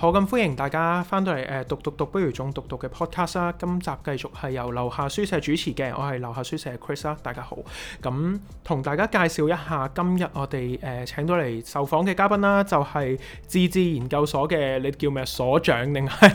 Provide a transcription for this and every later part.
好，咁歡迎大家翻到嚟誒讀讀讀不如眾讀讀嘅 podcast 啦、啊。今集繼續係由樓下書社主持嘅，我係樓下書社 Chris 啊！大家好，咁同大家介紹一下今日我哋誒、呃、請到嚟受訪嘅嘉賓啦、啊，就係字字研究所嘅你叫咩所長定係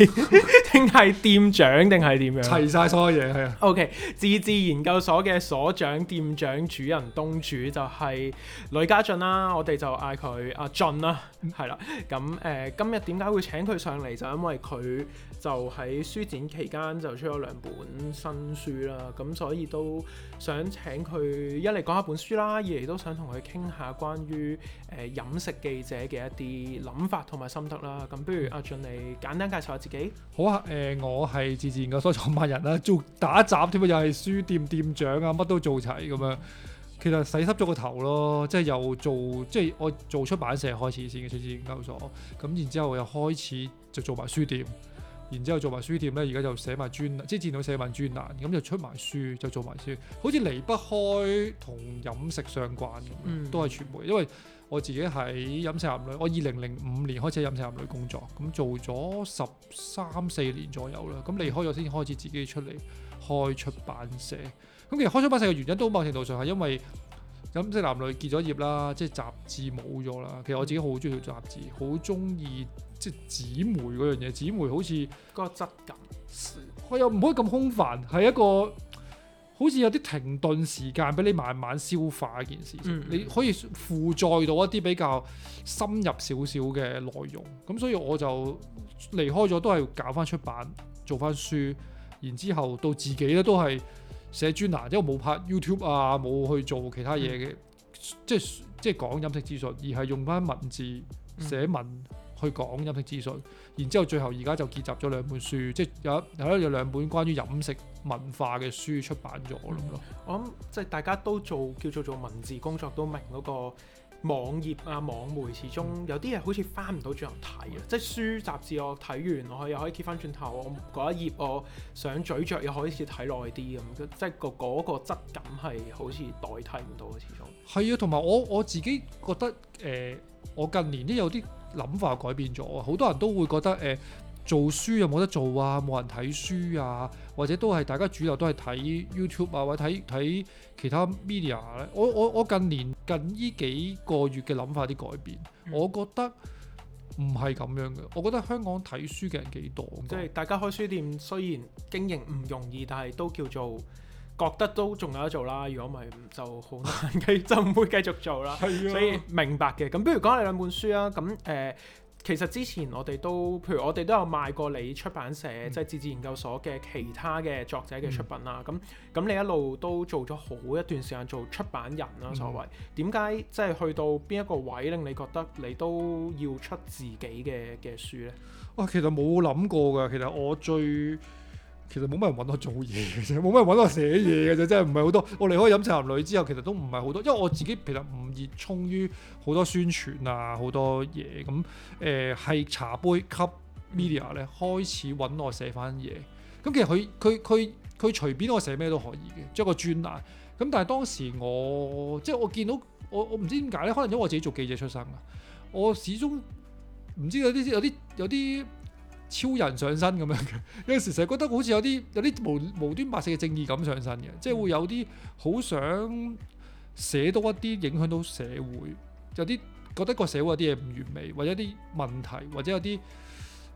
定係店長定係點樣？齊晒所有嘢係啊！OK，字字研究所嘅所長、店長、主人、東主就係呂嘉俊啦、啊，我哋就嗌佢阿俊啦、啊，係啦，咁誒、呃、今日點解會請？請佢上嚟就因為佢就喺書展期間就出咗兩本新書啦，咁所以都想請佢一嚟講下本書啦，二嚟都想同佢傾下關於誒飲食記者嘅一啲諗法同埋心得啦。咁，不如阿俊你簡單介紹下自己。好啊，誒、呃，我係字字研究所創辦人啦，做打雜添，又係書店店長啊，乜都做齊咁樣。其實洗濕咗個頭咯，即係又做即係我做出版社開始先嘅字字研究所，咁然之後又開始就做埋書店，然之後做埋書店咧，而家就寫埋專即係電腦寫埋專欄，咁就出埋書就做埋書，好似離不開同飲食相關咁，嗯、都係傳媒。因為我自己喺飲食男女，我二零零五年開始飲食男女工作，咁做咗十三四年左右啦，咁離開咗先開始自己出嚟開出版社。咁其實開出版社嘅原因都某程度上係因為，咁即係飲食男女結咗業啦，即係雜誌冇咗啦。其實我自己好中意讀雜誌，好中意即係紙媒嗰樣嘢。紙媒好似個質感，佢又唔可以咁空泛，係一個好似有啲停頓時間俾你慢慢消化一件事。嗯嗯，你可以附載到一啲比較深入少少嘅內容。咁所以我就離開咗，都係搞翻出版，做翻書，然之後到自己咧都係，寫專欄，因為冇拍 YouTube 啊，冇去做其他嘢嘅、嗯，即係即係講飲食資訊，而係用翻文字寫文去講飲食資訊。嗯、然之後，最後而家就結集咗兩本書，即係有有一，有一有兩本關於飲食文化嘅書出版咗咯。我諗、嗯、即係大家都做叫做做文字工作都明嗰、那個。網頁啊，網媒始終有啲嘢好似翻唔到轉頭睇啊。即係書雜誌，我睇完，我又可以 keep 翻轉頭，我嗰一頁我想咀嚼，又可以似睇耐啲咁，即係嗰嗰個質感係好似代替唔到嘅始終。係啊，同埋我我自己覺得，誒、呃，我近年都有啲諗法改變咗，好多人都會覺得誒。呃做書又冇得做啊，冇人睇書啊，或者都係大家主流都係睇 YouTube 啊，或者睇睇其他 media 啊。我我我近年近呢幾個月嘅諗法啲改變，我覺得唔係咁樣嘅。我覺得香港睇書嘅人幾多。即係大家開書店，雖然經營唔容易，但係都叫做覺得都仲有得做啦。如果唔係就好難，佢 就唔會繼續做啦。係啊，所以明白嘅。咁不如講下你兩本書啊。咁誒。呃其實之前我哋都，譬如我哋都有賣過你出版社即係、嗯、字字研究所嘅其他嘅作者嘅出品啦。咁咁、嗯、你一路都做咗好一段時間做出版人啦、啊，所謂點解即係去到邊一個位令你覺得你都要出自己嘅嘅書呢？啊，其實冇諗過㗎。其實我最其實冇乜人揾我做嘢嘅啫，冇乜人揾我寫嘢嘅啫，真係唔係好多。我離開飲食男女之後，其實都唔係好多，因為我自己其實唔熱衷於好多宣傳啊，好多嘢咁。誒、嗯，係、呃、茶杯級 media 咧開始揾我寫翻嘢。咁其實佢佢佢佢隨便我寫咩都可以嘅，即係一個專欄。咁但係當時我即係我見到我我唔知點解咧，可能因為我自己做記者出身啦，我始終唔知有啲有啲有啲。有超人上身咁樣嘅， 有時成日覺得好似有啲有啲無無端白事嘅正義感上身嘅，即係會有啲好想寫多一啲影響到社會，有啲覺得個社會有啲嘢唔完美，或者啲問題，或者有啲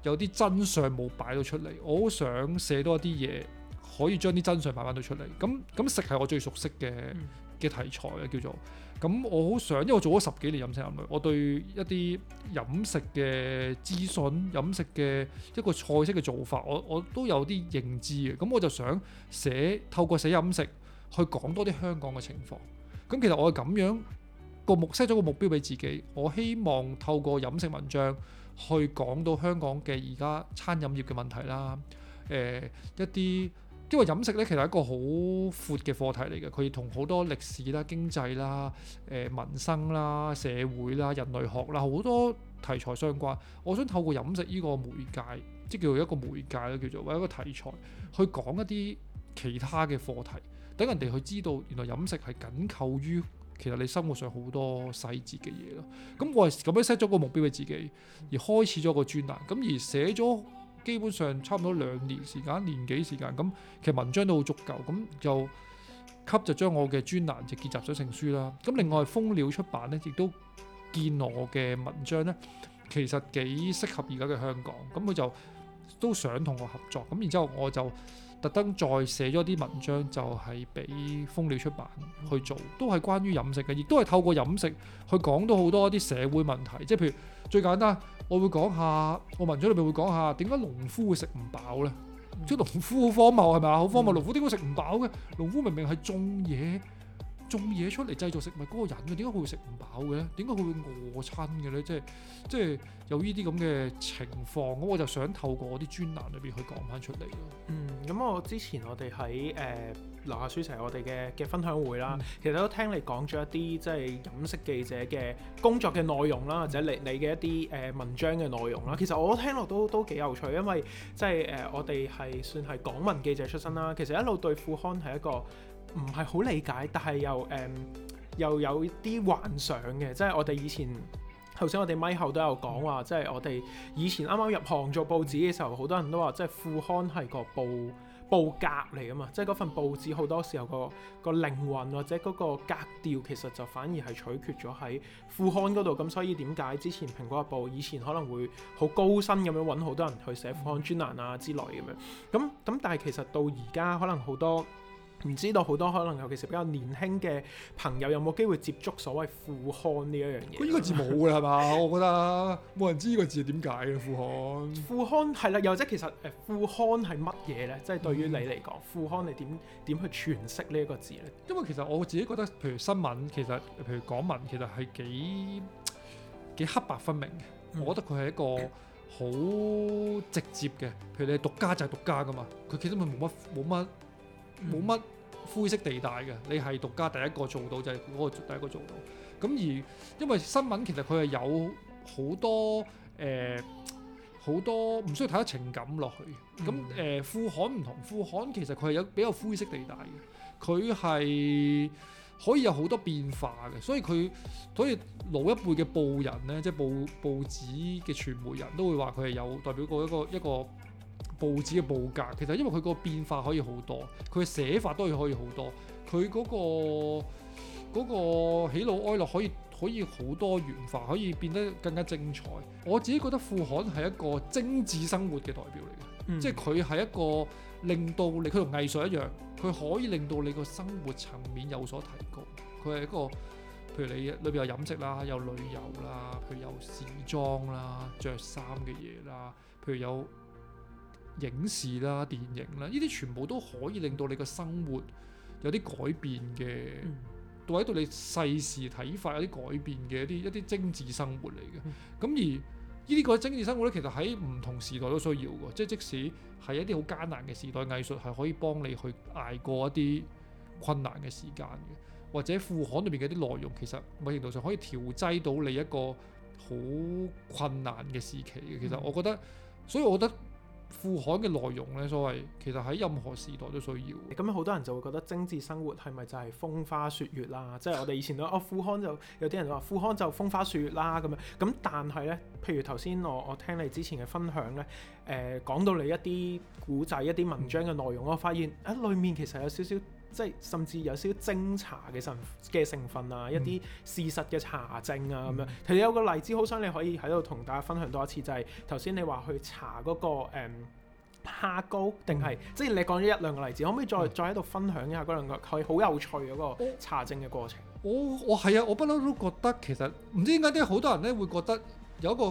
有啲真相冇擺到出嚟，我好想寫多一啲嘢，可以將啲真相擺翻到出嚟。咁咁食係我最熟悉嘅，嗯嘅題材啊，叫做咁，我好想，因為我做咗十幾年飲食人類，我對一啲飲食嘅資訊、飲食嘅一個菜式嘅做法，我我都有啲認知嘅，咁我就想寫，透過寫飲食去講多啲香港嘅情況。咁其實我係咁樣個目 set 咗個目標俾自己，我希望透過飲食文章去講到香港嘅而家餐飲業嘅問題啦，誒、呃、一啲。因為飲食咧，其實係一個好闊嘅課題嚟嘅，佢同好多歷史啦、經濟啦、誒、呃、民生啦、社會啦、人類學啦好多題材相關。我想透過飲食呢個媒介，即係叫做一個媒介啦，叫做一個題材，去講一啲其他嘅課題，等人哋去知道原來飲食係緊扣於其實你生活上好多細節嘅嘢咯。咁我係咁樣 set 咗個目標畀自己，而開始咗個專欄，咁而寫咗。基本上差唔多兩年時間，年幾時間咁，其實文章都好足夠，咁就輯就將我嘅專欄就結集咗成書啦。咁另外蜂鳥出版呢亦都見我嘅文章呢，其實幾適合而家嘅香港，咁佢就都想同我合作，咁然之後我就。特登再寫咗啲文章，就係、是、俾蜂鳥出版去做，都係關於飲食嘅，亦都係透過飲食去講到好多啲社會問題，即係譬如最簡單，我會講下我文章裏面會講下點解農夫會食唔飽呢？啲、嗯、農夫好荒謬係咪啊？好荒謬，農夫點解會食唔飽嘅？農夫明明係種嘢。種嘢出嚟製造食物嗰個人，點解會食唔飽嘅？點解會餓親嘅咧？即係即係有呢啲咁嘅情況，咁我就想透過我啲專欄裏邊去講翻出嚟咯。嗯，咁我之前我哋喺誒《留、呃、下書籍》我哋嘅嘅分享會啦，嗯、其實都聽你講咗一啲即係飲食記者嘅工作嘅內容啦，或者你你嘅一啲誒、呃、文章嘅內容啦。其實我聽落都都幾有趣，因為即係誒、呃、我哋係算係港聞記者出身啦。其實一路對副刊係一個。唔係好理解，但係又誒、嗯、又有啲幻想嘅，即係我哋以前頭先，我哋咪後都有講話，即係我哋以前啱啱入行做報紙嘅時候，好多人都話，即係副刊係個報報格嚟啊嘛，即係嗰份報紙好多時候、嗰個、嗰個靈魂或者嗰個格調，其實就反而係取決咗喺副刊嗰度。咁所以點解之前《蘋果日報》以前可能會好高薪咁樣揾好多人去寫副刊專欄啊之類咁樣？咁咁但係其實到而家可能好多。唔知道好多可能，尤其是比較年輕嘅朋友，有冇機會接觸所謂副刊呢一樣嘢？佢呢、哦呢個字冇嘅係嘛？我覺得冇人知呢個字點解嘅副刊。副刊係啦，又或者其實誒副刊係乜嘢咧？即、就、係、是、對於你嚟講，嗯、副刊你點點去詮釋呢一個字咧？因為其實我自己覺得，譬如新聞，其實譬如港聞，其實係幾幾黑白分明嘅。嗯、我覺得佢係一個好直接嘅，譬如你係獨家就係獨家噶嘛。佢其實咪冇乜冇乜。冇乜、嗯、灰色地帶嘅，你係獨家第一個做到就係、是、嗰個第一個做到。咁而因為新聞其實佢係有好多誒好、呃、多唔需要睇得情感落去。咁誒、呃、副刊唔同副刊其實佢係有比較灰色地帶嘅，佢係可以有好多變化嘅。所以佢所以老一輩嘅報人咧，即、就、係、是、報報紙嘅傳媒人都會話佢係有代表過一個一個。報紙嘅報價其實因為佢個變化可以好多，佢嘅寫法都可以可以好多，佢嗰個嗰個喜怒哀樂可以可以好多元化，可以變得更加精彩。我自己覺得副刊係一個精緻生活嘅代表嚟嘅，嗯、即係佢係一個令到你，佢同藝術一樣，佢可以令到你個生活層面有所提高。佢係一個，譬如你裏邊有飲食啦，有旅遊啦，譬如有時裝啦、着衫嘅嘢啦，譬如有影視啦、電影啦，呢啲全部都可以令到你個生活有啲改變嘅，嗯、到喺度，你世事睇法有啲改變嘅一啲一啲精緻生活嚟嘅。咁、嗯、而呢啲個精緻生活咧，其實喺唔同時代都需要嘅，即係即使係一啲好艱難嘅時代，藝術係可以幫你去捱過一啲困難嘅時間嘅，或者副刊裏邊嘅啲內容其實某程度上可以調劑到你一個好困難嘅時期嘅。其實我覺得，嗯、所以我覺得。副刊嘅內容呢，所謂其實喺任何時代都需要。咁好多人就會覺得精緻生活係咪就係風花雪月啦？即、就、係、是、我哋以前都啊、 哦，副刊就有啲人話副刊就風花雪月啦咁樣。咁但係呢，譬如頭先我我聽你之前嘅分享呢，誒、呃、講到你一啲古仔、一啲文章嘅內容，嗯、我發現喺、啊、裡面其實有少少。即係甚至有少少偵查嘅成嘅成分啊，一啲事實嘅查證啊咁、嗯、樣。其實有個例子，好想你可以喺度同大家分享多一次，就係頭先你話去查嗰、那個誒蝦膏，定、嗯、係、嗯、即係你講咗一兩個例子，可唔可以再、嗯、再喺度分享一下嗰兩個？佢好有趣嘅嗰個查證嘅過程。嗯、我我係啊，我不嬲都覺得其實唔知點解啲好多人咧會覺得有一個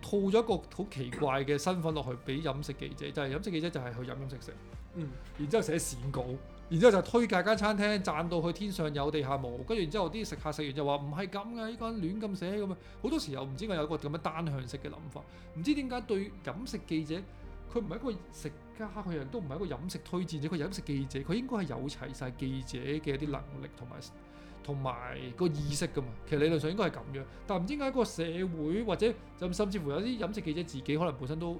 套咗一個好奇怪嘅身份落去俾飲食記者，就係、是、飲食記者就係去飲飲食食。嗯。然之後寫鱔稿。然之後就推介間餐廳，讚到去天上有地下無。跟住然之後啲食客食完就話唔係咁嘅，呢個亂咁寫咁啊！好多時候唔知佢有個咁樣單向式嘅諗法，唔知點解對飲食記者，佢唔係一個食家，佢亦都唔係一個飲食推薦者，佢飲食記者，佢應該係有齊晒記者嘅啲能力同埋同埋個意識噶嘛。其實理論上應該係咁樣，但唔知點解個社會或者就甚至乎有啲飲食記者自己可能本身都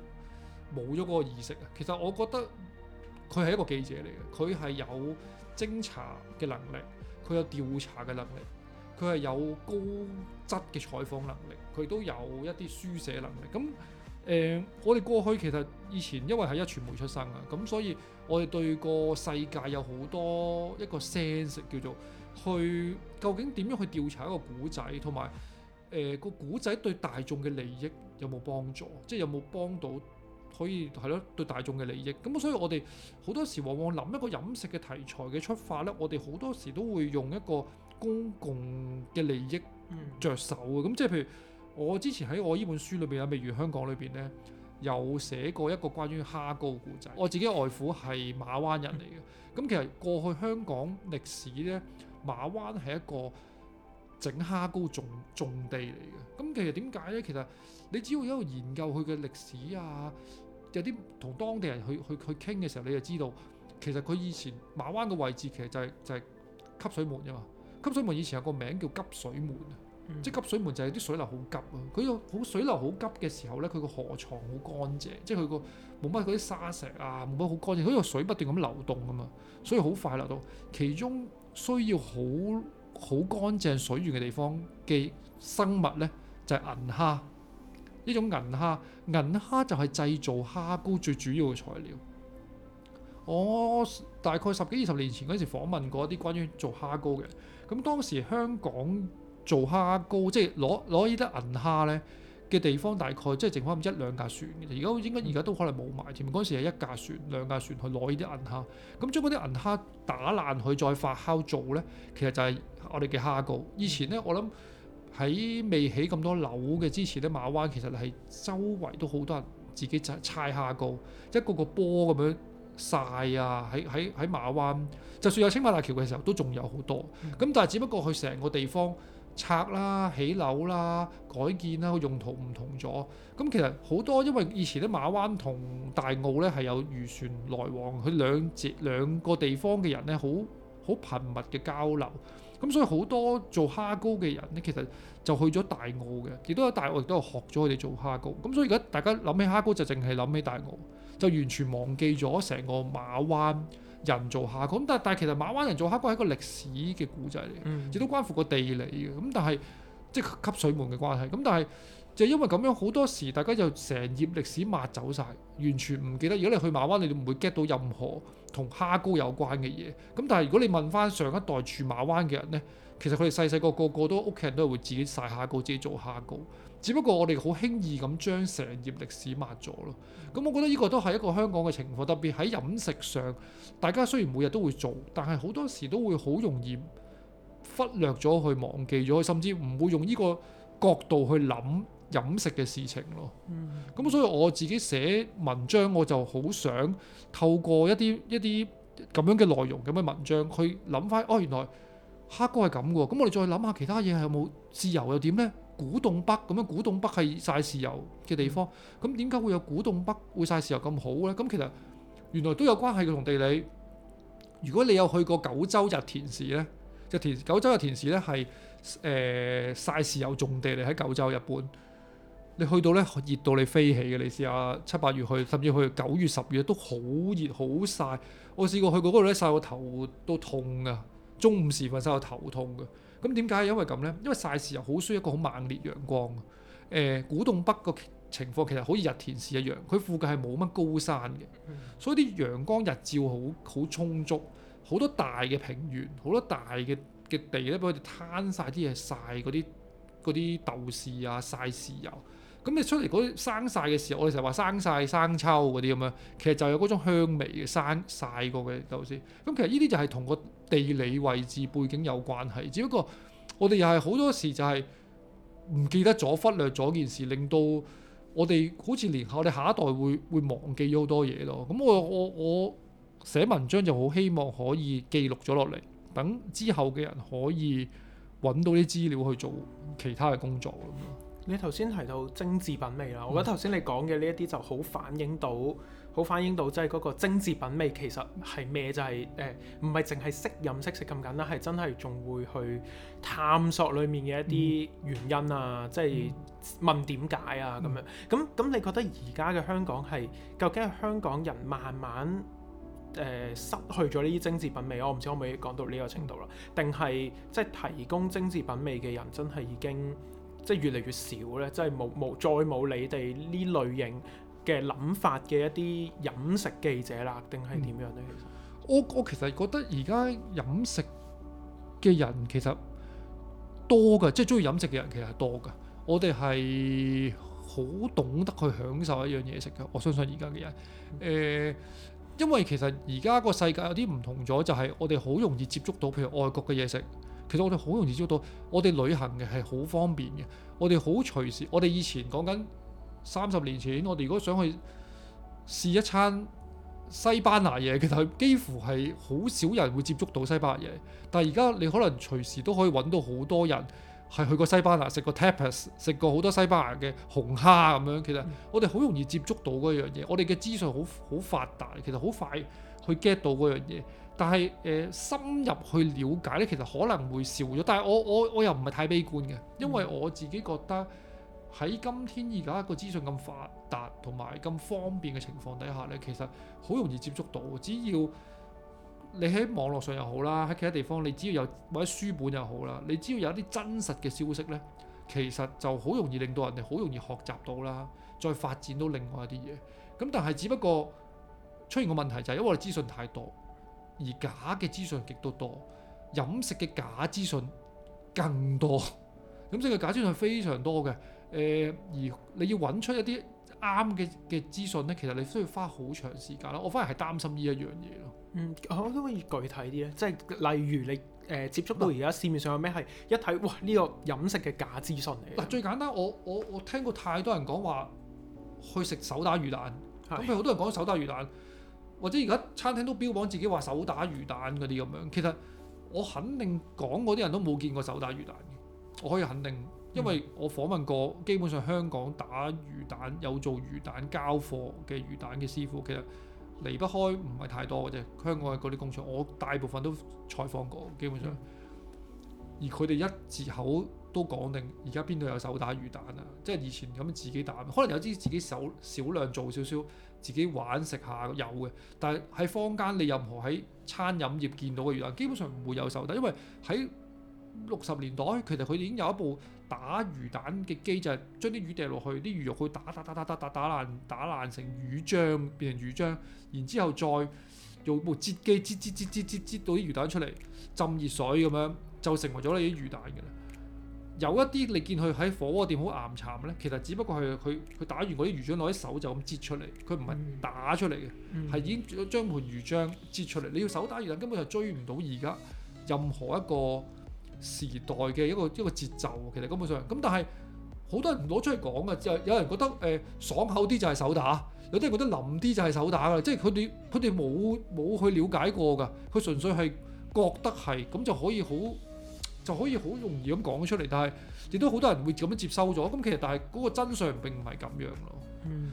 冇咗嗰個意識啊。其實我覺得。佢係一個記者嚟嘅，佢係有偵查嘅能力，佢有調查嘅能力，佢係有高質嘅採訪能力，佢都有一啲書寫能力。咁誒，呃，我哋過去其實以前因為係一傳媒出身啊，咁所以我哋對個世界有好多一個 sense 叫做去究竟點樣去調查一個古仔，同埋誒個古仔對大眾嘅利益有冇幫助，即係有冇幫到？可以係咯，對大眾嘅利益。咁所以我哋好多時往往諗一個飲食嘅題材嘅出發咧，我哋好多時都會用一個公共嘅利益着手嘅。咁即係譬如我之前喺我呢本書裏邊啊，譬如香港裏邊咧，有寫過一個關於蝦膏嘅故仔。我自己外父係馬灣人嚟嘅。咁其實過去香港歷史咧，馬灣係一個整蝦膏種種地嚟嘅。咁其實點解咧？其實你只要一路研究佢嘅歷史啊，有啲同當地人去去去傾嘅時候，你就知道其實佢以前馬灣嘅位置其實就係、是、就係、是、汲水門啫嘛。汲水門以前有個名叫急水門，嗯、即係急水門就係啲水流好急啊。佢個好水流好急嘅時候咧，佢個河床好乾淨，即係佢個冇乜嗰啲沙石啊，冇乜好乾淨，佢個水不斷咁流動啊嘛，所以好快流到。其中需要好好乾淨水源嘅地方嘅生物咧，就係銀蝦。呢種銀蝦，銀蝦就係製造蝦膏最主要嘅材料。我大概十幾二十年前嗰時訪問過一啲關於做蝦膏嘅，咁當時香港做蝦膏，即係攞攞呢啲銀蝦呢嘅地方，大概即係剩翻咁一兩架船嘅。而家應該而家都可能冇埋添。嗰時係一架船、兩架船去攞呢啲銀蝦，咁將嗰啲銀蝦打爛佢，再發酵做呢，其實就係我哋嘅蝦膏。以前呢，我諗。喺未起咁多樓嘅之前咧，馬灣其實係周圍都好多人自己砌砌下高，一個個波咁樣曬啊！喺喺喺馬灣，就算有青馬大橋嘅時候，都仲有好多。咁但係只不過佢成個地方拆啦、起樓啦、改建啦，個用途唔同咗。咁其實好多因為以前咧，馬灣同大澳咧係有漁船來往，佢兩節兩個地方嘅人咧好。好頻密嘅交流，咁所以好多做蝦膏嘅人咧，其實就去咗大澳嘅，亦都有大澳，亦都有學咗佢哋做蝦膏。咁所以而家大家諗起蝦膏，就淨係諗起大澳，就完全忘記咗成個馬灣人做蝦膏。咁但係但係其實馬灣人做蝦膏係一個歷史嘅古仔嚟嘅，亦、嗯、都關乎個地理嘅。咁但係即係汲水門嘅關係。咁但係就因為咁樣，好多時大家就成頁歷史抹走晒，完全唔記得。如果你去馬灣，你唔會 get 到任何，同蝦膏有關嘅嘢，咁但係如果你問翻上一代住馬灣嘅人呢，其實佢哋細細個個個都屋企人都係會自己曬蝦膏，自己做蝦膏。只不過我哋好輕易咁將成頁歷史抹咗咯。咁、嗯嗯、我覺得呢個都係一個香港嘅情況，特別喺飲食上，大家雖然每日都會做，但係好多時都會好容易忽略咗，去忘記咗，甚至唔會用呢個角度去諗。飲食嘅事情咯，咁、嗯、所以我自己寫文章，我就好想透過一啲一啲咁樣嘅內容，咁嘅文章去諗翻，哦，原來黑哥係咁嘅喎，咁我哋再諗下其他嘢係有冇自由？又點呢？古洞北咁樣，古洞北係曬豉油嘅地方，咁點解會有古洞北會曬豉油咁好呢？咁其實原來都有關係嘅同地理。如果你有去過九州日田市呢，日、就是、田九州日田市呢，係誒、呃、曬豉油種地嚟喺九州日本。你去到咧，熱到你飛起嘅，你試下七八月去，甚至去九月、十月都好熱好曬。我試過去過嗰度咧，曬到頭都痛噶，中午時分曬到頭痛噶。咁點解因為咁咧？因為曬豉油好需要一個好猛烈陽光。誒、呃，古洞北個情況其實好似日田市一樣，佢附近係冇乜高山嘅，所以啲陽光日照好好充足，好多大嘅平原，好多大嘅嘅地咧，俾佢哋攤晒啲嘢曬嗰啲嗰啲豆豉啊曬豉油。咁你出嚟嗰啲生晒嘅時候，我哋成日話「生晒」、「生抽」嗰啲咁樣，其實就有嗰種香味嘅「生晒」過嘅豆豉，咁其實呢啲就係同個地理位置背景有關係。只不過我哋又係好多時就係唔記得咗、忽略咗件事，令到我哋好似連我哋下一代會會忘記咗好多嘢咯。咁我我我寫文章就好希望可以記錄咗落嚟，等之後嘅人可以揾到啲資料去做其他嘅工作咁樣。你頭先提到精緻品味啦，嗯、我覺得頭先你講嘅呢一啲就好反映到，好反映到即係嗰個精緻品味其實係咩？就係、是、誒，唔係淨係識飲識食咁簡單，係真係仲會去探索裡面嘅一啲原因啊，即係、嗯啊就是、問點解啊咁樣。咁咁、嗯，你覺得而家嘅香港係究竟係香港人慢慢誒、呃、失去咗呢啲精緻品味？我唔知可唔可以講到呢個程度啦，定係即係提供精緻品味嘅人真係已經？即係越嚟越少咧，即係冇冇再冇你哋呢類型嘅諗法嘅一啲飲食記者啦，定係點樣咧？其實、嗯、我我其實覺得而家飲食嘅人其實多噶，即係中意飲食嘅人其實係多噶。我哋係好懂得去享受一樣嘢食噶，我相信而家嘅人誒、呃，因為其實而家個世界有啲唔同咗，就係、是、我哋好容易接觸到，譬如外國嘅嘢食。其實我哋好容易接觸到我，我哋旅行嘅係好方便嘅，我哋好隨時。我哋以前講緊三十年前，我哋如果想去試一餐西班牙嘢，其實幾乎係好少人會接觸到西班牙嘢。但係而家你可能隨時都可以揾到好多人係去過西班牙，食過 tapas，食過好多西班牙嘅紅蝦咁樣。其實我哋好容易接觸到嗰樣嘢，我哋嘅資訊好好發達，其實好快去 get 到嗰樣嘢。但係誒、呃、深入去了解咧，其實可能會少咗。但係我我我又唔係太悲觀嘅，因為我自己覺得喺今天而家個資訊咁發達同埋咁方便嘅情況底下咧，其實好容易接觸到。只要你喺網絡上又好啦，喺其他地方你只要有或者書本又好啦，你只要有一啲真實嘅消息咧，其實就好容易令到人哋好容易學習到啦，再發展到另外一啲嘢。咁但係只不過出現個問題就係因為我哋資訊太多。而假嘅資訊極都多，飲食嘅假資訊更多，咁所以個假資訊非常多嘅。誒、呃、而你要揾出一啲啱嘅嘅資訊咧，其實你需要花好長時間啦。我反而係擔心呢一樣嘢咯。嗯，可唔可以具體啲咧？即係例如你誒、呃、接觸到而家市面上有咩係、呃、一睇哇呢、呢個飲食嘅假資訊嚟？嗱、呃，最簡單，我我我聽過太多人講話去食手打魚蛋，咁佢好多人講手打魚蛋。或者而家餐廳都標榜自己話手打魚蛋嗰啲咁樣，其實我肯定講嗰啲人都冇見過手打魚蛋嘅，我可以肯定，因為我訪問過、嗯、基本上香港打魚蛋有做魚蛋交貨嘅魚蛋嘅師傅，其實離不開唔係太多嘅啫。香港嘅嗰啲工場，我大部分都採訪過，基本上、嗯、而佢哋一字口都講定，而家邊度有手打魚蛋啊？即係以前咁自己打，可能有啲自己手少量做少少。自己玩食下有嘅，但係喺坊間你任何喺餐飲業見到嘅魚蛋，基本上唔會有手，但因為喺六十年代其實佢哋已經有一部打魚蛋嘅機，就係將啲魚掟落去啲魚肉，佢打打打打打打打爛打爛成魚漿，變成魚漿，然之後再用部擠機擠擠擠擠擠擠到啲魚蛋出嚟，浸熱水咁樣就成為咗你啲魚蛋嘅啦。有一啲你見佢喺火鍋店好岩巉咧，其實只不過係佢佢打完嗰啲魚漿攞啲手就咁擠出嚟，佢唔係打出嚟嘅，係、嗯、已經將盤魚漿擠出嚟。嗯、你要手打魚蛋，根本就追唔到而家任何一個時代嘅一個一個節奏。其實根本上，咁但係好多人唔攞出去講啊，有有人覺得誒、呃、爽口啲就係手打，有啲人覺得腍啲就係手打嘅，即係佢哋佢哋冇冇去了解過㗎，佢純粹係覺得係咁就可以好。就可以好容易咁講出嚟，但係亦都好多人會咁樣接收咗。咁其實但係嗰個真相並唔係咁樣咯。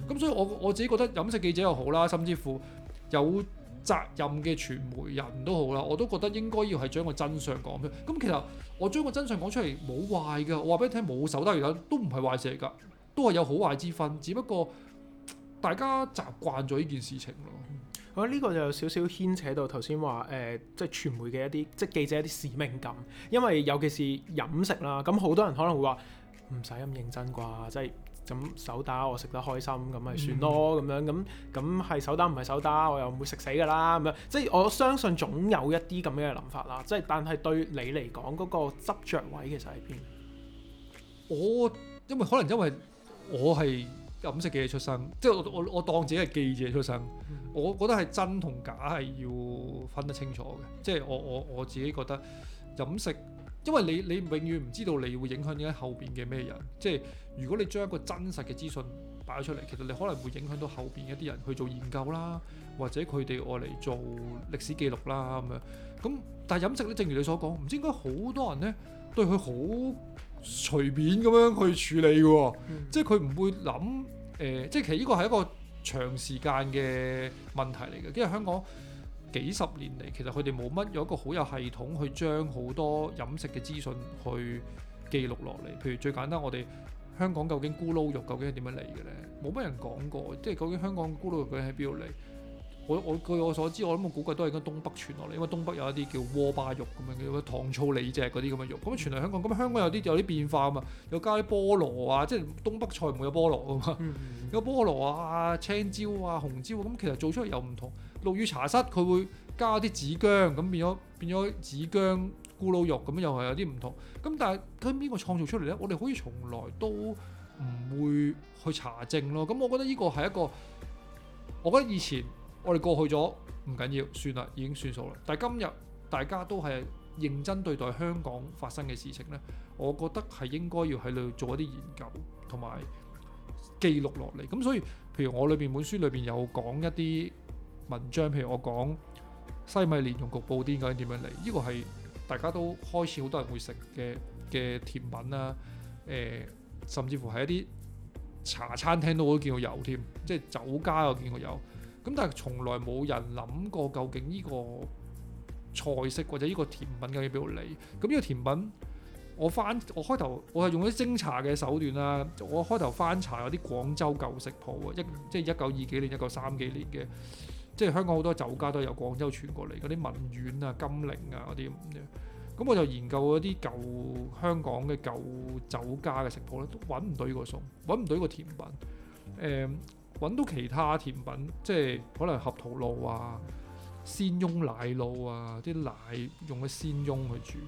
咁、嗯、所以我我自己覺得飲食記者又好啦，甚至乎有責任嘅傳媒人都好啦，我都覺得應該要係將個真相講出。咁其實我將個真相講出嚟冇壞㗎，我話俾你聽冇手得而家，都唔係壞事嚟㗎，都係有好壞之分，只不過大家習慣咗呢件事情咯。我呢、哦呢個就有少少牽扯到頭先話誒，即係傳媒嘅一啲，即係記者一啲使命感。因為尤其是飲食啦，咁好多人可能會話唔使咁認真啩，即係咁手打我食得開心咁咪算咯。咁、嗯、樣咁咁係手打唔係手打，我又唔會食死㗎啦咁樣。即係我相信總有一啲咁樣嘅諗法啦。即係但係對你嚟講嗰個執著位其實係邊？我因為可能因為我係。飲食記者出身，即係我我我當自己係記者出身，嗯、我覺得係真同假係要分得清楚嘅。即係我我我自己覺得飲食，因為你你永遠唔知道你會影響你喺後邊嘅咩人。即係如果你將一個真實嘅資訊擺出嚟，其實你可能會影響到後邊一啲人去做研究啦，或者佢哋愛嚟做歷史記錄啦咁樣。咁但係飲食咧，正如你所講，唔知應該好多人咧對佢好隨便咁樣去處理嘅、嗯呃，即係佢唔會諗誒，即係其實呢個係一個長時間嘅問題嚟嘅。因為香港幾十年嚟，其實佢哋冇乜有一個好有系統去將好多飲食嘅資訊去記錄落嚟。譬如最簡單，我哋香港究竟咕嚕肉究竟係點樣嚟嘅咧？冇乜人講過，即係究竟香港咕嚕肉究竟喺邊度嚟？我我據我所知，我諗我估計都係應該東北傳落嚟，因為東北有一啲叫鍋巴肉咁樣嘅，叫做糖醋里脊嗰啲咁嘅肉，咁傳嚟香港。咁香港有啲有啲變化啊嘛，有加啲菠蘿啊，即係東北菜唔會有菠蘿啊嘛，嗯嗯有菠蘿啊、青椒啊、紅椒咁，其實做出嚟又唔同。陸羽茶室佢會加啲子薑，咁變咗變咗子薑咕嚕肉，咁又係有啲唔同。咁但係佢邊個創造出嚟咧？我哋可以從來都唔會去查證咯。咁我覺得呢個係一個，我覺得以前。我哋過去咗唔緊要，算啦，已經算數啦。但係今日大家都係認真對待香港發生嘅事情呢，我覺得係應該要喺度做一啲研究同埋記錄落嚟。咁所以，譬如我裏邊本書裏邊有講一啲文章，譬如我講西米蓮蓉焗布甸究竟點樣嚟？呢個係大家都開始好多人會食嘅嘅甜品啦、呃。甚至乎係一啲茶餐廳都我都見過有添，即係酒家我見過有。咁但係從來冇人諗過究竟呢個菜式或者呢個甜品究竟喺邊度嚟？咁呢個甜品，我翻我開頭我係用啲偵查嘅手段啦。我開頭翻查有啲廣州舊食譜啊，一即係一九二幾年、一九三幾年嘅，即係香港好多酒家都係由廣州傳過嚟嗰啲文苑啊、金陵啊嗰啲咁樣。咁我就研究嗰啲舊香港嘅舊酒家嘅食譜咧，都揾唔到呢個餸，揾唔到呢個甜品。誒、嗯。揾到其他甜品，即係可能合桃露啊、鮮翁奶露啊，啲奶用嘅鮮翁去煮，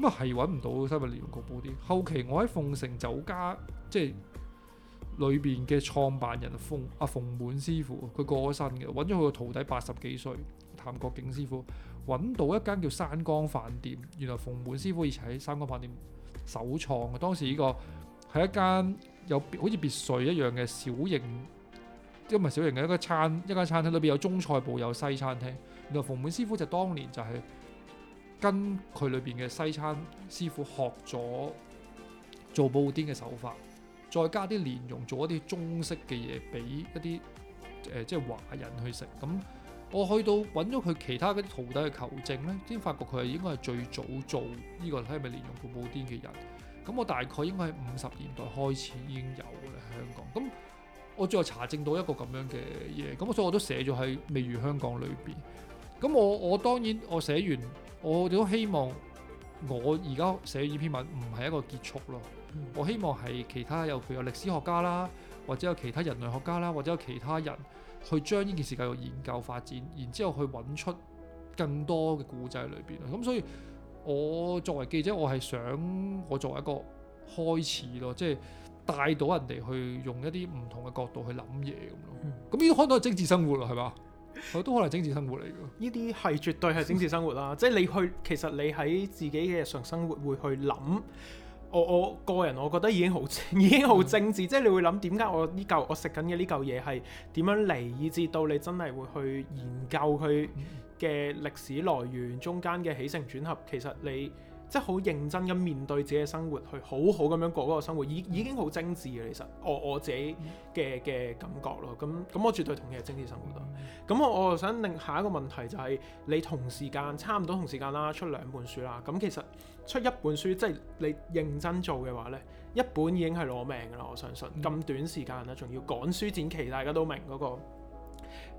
咁啊，係揾唔到西米焗布甸。後期我喺鳳城酒家，即係裏邊嘅創辦人馮阿馮滿師傅，佢過咗身嘅，揾咗佢嘅徒弟八十幾歲譚國景師傅，揾到一間叫山光飯店。原來馮滿師傅以前喺山光飯店首創嘅，當時呢個係一間有好似別墅一樣嘅小型。即係小型嘅一個餐一間餐廳裏邊有中菜部，有西餐廳，然後馮滿師傅就當年就係跟佢裏邊嘅西餐師傅學咗做布甸嘅手法，再加啲蓮蓉做一啲中式嘅嘢，俾一啲誒、呃、即係華人去食。咁我去到揾咗佢其他啲徒弟去求證咧，先發覺佢係應該係最早做呢、這個係咪蓮蓉做布甸嘅人。咁我大概應該係五十年代開始已經有啦，香港咁。我最後查證到一個咁樣嘅嘢，咁所以我都寫咗喺《未如香港》裏邊。咁我我當然我寫完，我亦都希望我而家寫呢篇文唔係一個結束咯。我希望係其他有譬如歷史學家啦，或者有其他人類學家啦，或者有其他人去將呢件事繼續研究發展，然之後去揾出更多嘅故仔裏邊。咁所以我作為記者，我係想我作為一個開始咯，即係。帶到人哋去用一啲唔同嘅角度去諗嘢咁咯，咁呢啲可能 都係政、政治生活啦，係嘛？佢都可能係政治生活嚟嘅。呢啲係絕對係政治生活啦，即係你去其實你喺自己嘅日常生活會去諗，我我個人我覺得已經好已經好政治，嗯、即係你會諗點解我呢嚿我食緊嘅呢嚿嘢係點樣嚟，以至到你真係會去研究佢嘅歷史來源、嗯、中間嘅起承轉合，其實你。即係好認真咁面對自己嘅生活，去好好咁樣過嗰個生活，已已經好精緻嘅。其實我我自己嘅嘅感覺咯，咁咁我絕對同意係精緻生活咯。咁、嗯嗯、我我想另下一個問題就係、是、你同時間差唔多同時間啦，出兩本書啦。咁其實出一本書即係、就是、你認真做嘅話呢，一本已經係攞命㗎啦。我相信咁、嗯嗯、短時間啦，仲要趕書展期，大家都明嗰、那個。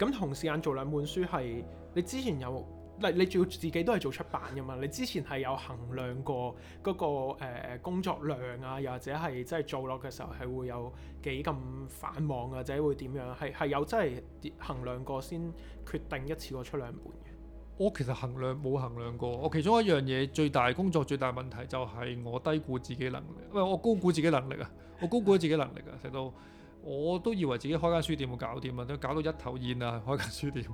咁同時間做兩本書係你之前有？你仲要自己都係做出版噶嘛？你之前係有衡量過嗰個，呃、工作量啊，又或者係即係做落嘅時候係會有幾咁繁忙啊，或者會點樣係係有真係衡量過先決定一次過出兩本嘅？我其實衡量冇衡量過。我其中一樣嘢最大工作最大問題就係我低估自己能力，喂， 我高估自己能力啊！我高估自己能力啊，成到。我都以為自己開間書店會搞掂啊，都搞到一頭煙啊，開間書店，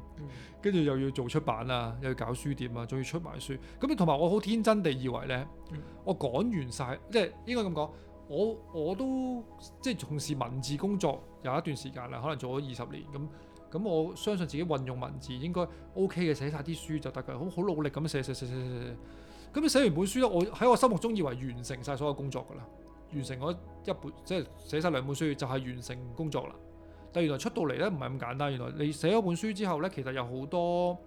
跟 住又要做出版啊，又要搞書店啊，仲要出埋書。咁同埋我好天真地以為呢，嗯、我講完晒，即係應該咁講，我我都即係從事文字工作有一段時間啦，可能做咗二十年咁，咁我相信自己運用文字應該 OK 嘅，寫晒啲書就得㗎，好好努力咁寫寫寫寫寫。咁寫，寫，寫，寫，寫，寫完本書我喺我心目中以為完成晒所有工作㗎啦。完成咗一本即係寫晒兩本書就係、是、完成工作啦。但原來出到嚟咧唔係咁簡單，原來你寫咗本書之後咧，其實有好多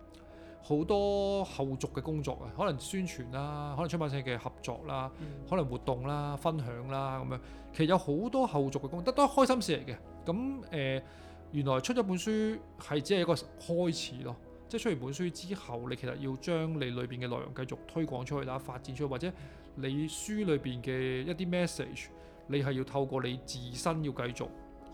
好多後續嘅工作啊，可能宣傳啦，可能出版社嘅合作啦，嗯、可能活動啦、分享啦咁樣，其實有好多後續嘅工作，都係開心事嚟嘅。咁誒、呃，原來出咗本書係只係一個開始咯，即係出完本書之後，你其實要將你裏邊嘅內容繼續推廣出去啦、發展出去或者、嗯。你書裏邊嘅一啲 message，你係要透過你自身要繼續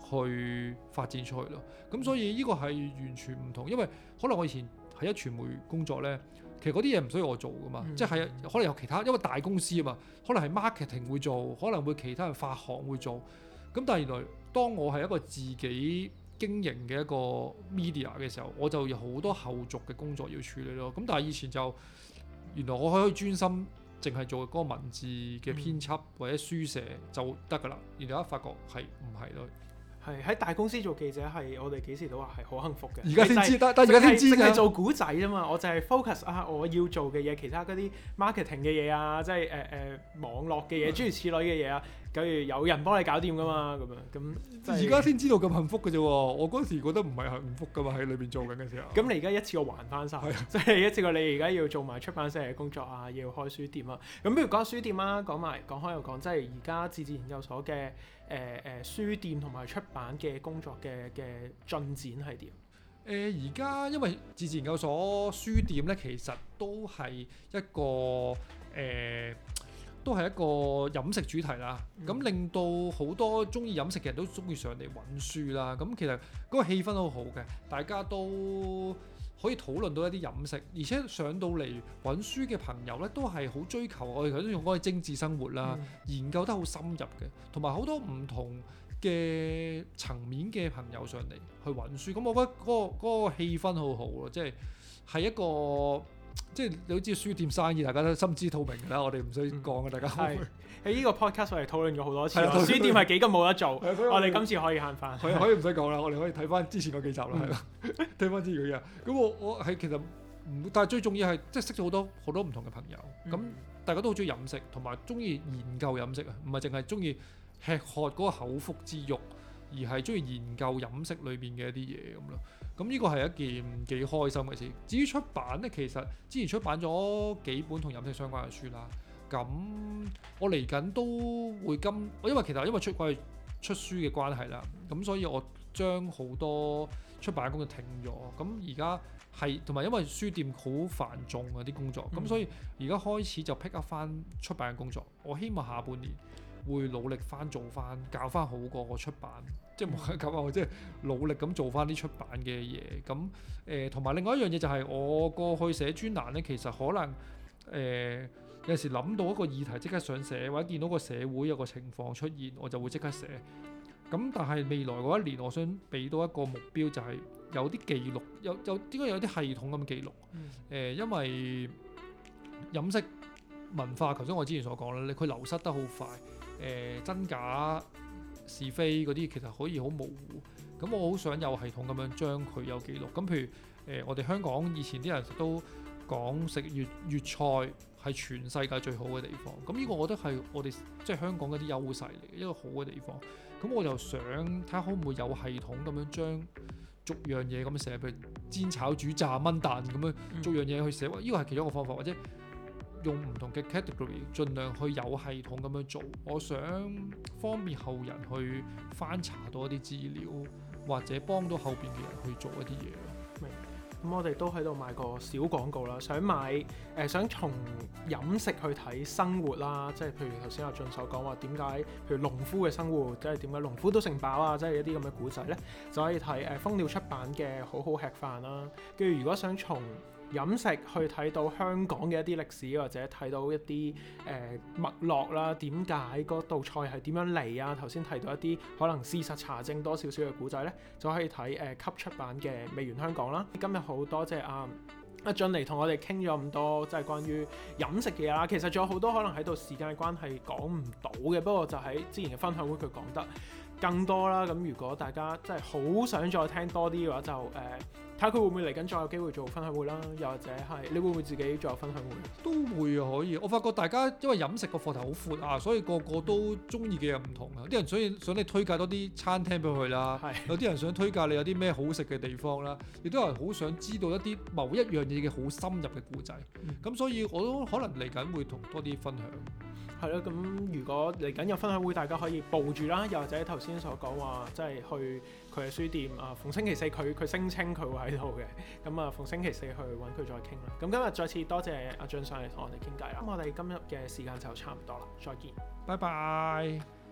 去發展出去咯。咁、嗯、所以呢個係完全唔同，因為可能我以前喺一傳媒工作呢，其實嗰啲嘢唔需要我做噶嘛，即係、嗯、可能有其他，因為大公司啊嘛，可能係 marketing 會做，可能會其他人發行會做。咁但係原來當我係一個自己經營嘅一個 media 嘅時候，我就有好多後續嘅工作要處理咯。咁但係以前就原來我可以專心。淨係做嗰個文字嘅編輯或者書寫就得噶啦，然後一發覺係唔係咯，係喺大公司做記者係我哋幾時都話係好幸福嘅。而家先知得，但係而家先知淨係做古仔啊嘛，我就係 focus 啊我要做嘅嘢，其他嗰啲 marketing 嘅嘢啊，即係誒誒網絡嘅嘢，諸如此類嘅嘢啊。假如有人幫你搞掂噶嘛，咁樣咁。而家先知道咁幸福嘅啫喎，我嗰時覺得唔係幸福噶嘛，喺裏邊做緊嘅時候。咁 你而家一次過還翻曬，即係的一次過你而家要做埋出版社嘅工作啊，要開書店啊。咁不如講下書店啦、啊，講埋講開又講，即係而家自治研究所嘅誒誒書店同埋出版嘅工作嘅嘅、呃、進展係點？誒而家因為字字研究所書店咧，其實都係一個誒。呃都係一個飲食主題啦，咁、嗯、令到好多中意飲食嘅人都中意上嚟揾書啦。咁其實嗰個氣氛好好嘅，大家都可以討論到一啲飲食，而且上到嚟揾書嘅朋友呢，都係好追求我哋頭先講嘅精緻生活啦，嗯、研究得好深入嘅，同埋好多唔同嘅層面嘅朋友上嚟去揾書，咁我覺得嗰個、嗰個、氣氛好好咯，即係係一個。即係你好知書店生意，大家都心知肚明啦。我哋唔使講嘅，大家係喺呢個 podcast 我哋討論咗好多次。係 書店係幾咁冇得做， 我哋今次可以慳翻。 可以唔使講啦，我哋可以睇翻之前嗰幾集啦，係咯， 聽翻之前嘅嘢。咁我我係其實唔，但係最重要係即係識咗好多好多唔同嘅朋友。咁、嗯、大家都好中意飲食，同埋中意研究飲食啊，唔係淨係中意吃喝嗰個口腹之欲，而係中意研究飲食裏邊嘅一啲嘢咁咯。咁呢個係一件幾開心嘅事。至於出版呢，其實之前出版咗幾本同飲食相關嘅書啦。咁我嚟緊都會今，因為其實因為出櫃出書嘅關係啦，咁所以我將好多出版嘅工作停咗。咁而家係同埋因為書店好繁重嗰啲工作，咁、嗯、所以而家開始就 pick up 翻出版嘅工作。我希望下半年會努力翻做翻，搞翻好過我出版。即係冇緊急啊！我即係努力咁做翻啲出版嘅嘢。咁誒同埋另外一樣嘢就係我過去寫專欄呢，其實可能誒、呃、有陣時諗到一個議題即刻想寫，或者見到個社會有個情況出現，我就會即刻寫。咁但係未來嗰一年，我想俾到一個目標，就係、是、有啲記錄，有有應該有啲系統咁記錄。誒、嗯呃，因為飲食文化，頭先我之前所講啦，佢流失得好快。誒、呃，真假、是非嗰啲其實可以好模糊，咁我好想有系統咁樣將佢有記錄。咁譬如誒、呃，我哋香港以前啲人都講食粵粵菜係全世界最好嘅地方，咁呢個我覺得係我哋即係香港嗰啲優勢嚟嘅一個好嘅地方。咁我就想睇下可唔可以有系統咁樣將逐樣嘢咁寫，譬如煎炒煮炸炆燉咁樣逐樣嘢去寫。呢個係其中一個方法，或者。用唔同嘅 category，盡量去有系統咁樣做。我想方便後人去翻查多啲資料，或者幫到後邊嘅人去做一啲嘢咯。明。咁、嗯、我哋都喺度賣個小廣告啦，想買誒、呃，想從飲食去睇生活啦，即係譬如頭先阿俊所講話，點解，譬如農夫嘅生活，即係點解農夫都成飽啊，即係一啲咁嘅古仔咧，就可以睇誒蜂鳥出版嘅好好吃飯啦。跟住如果想從。飲食去睇到香港嘅一啲歷史，或者睇到一啲誒脈絡啦，點解嗰道菜係點樣嚟啊？頭先提到一啲可能事實查證多少少嘅古仔咧，就可以睇呃，級出版嘅《味緣香港》啦。今日好多謝啊阿俊嚟同我哋傾咗咁多，即係關於飲食嘅嘢啦。其實仲有好多可能喺度時間關係講唔到嘅，不過就喺之前嘅分享會佢講得更多啦。咁如果大家真係好想再聽多啲嘅話就，呃。睇下佢會唔會嚟緊再有機會做分享會啦，又或者係你會唔會自己再有分享會？都會可以。我發覺大家因為飲食個課題好闊啊，所以個個都中意嘅又唔同啊。啲人想想你推介多啲餐廳俾佢啦，是有啲人想推介你有啲咩好食嘅地方啦，亦都有人好想知道一啲某一樣嘢嘅好深入嘅故仔。咁、嗯、所以我都可能嚟緊會同多啲分享。係咯，咁如果嚟緊有分享會，大家可以報住啦，又或者頭先所講話即係去。佢嘅書店啊，逢星期四佢佢聲稱佢會喺度嘅，咁、 嗯、啊逢星期四去揾佢再傾啦。咁今日再次多謝阿俊上嚟同我哋傾偈啦。咁我哋今日嘅時間就差唔多啦，再見，拜拜。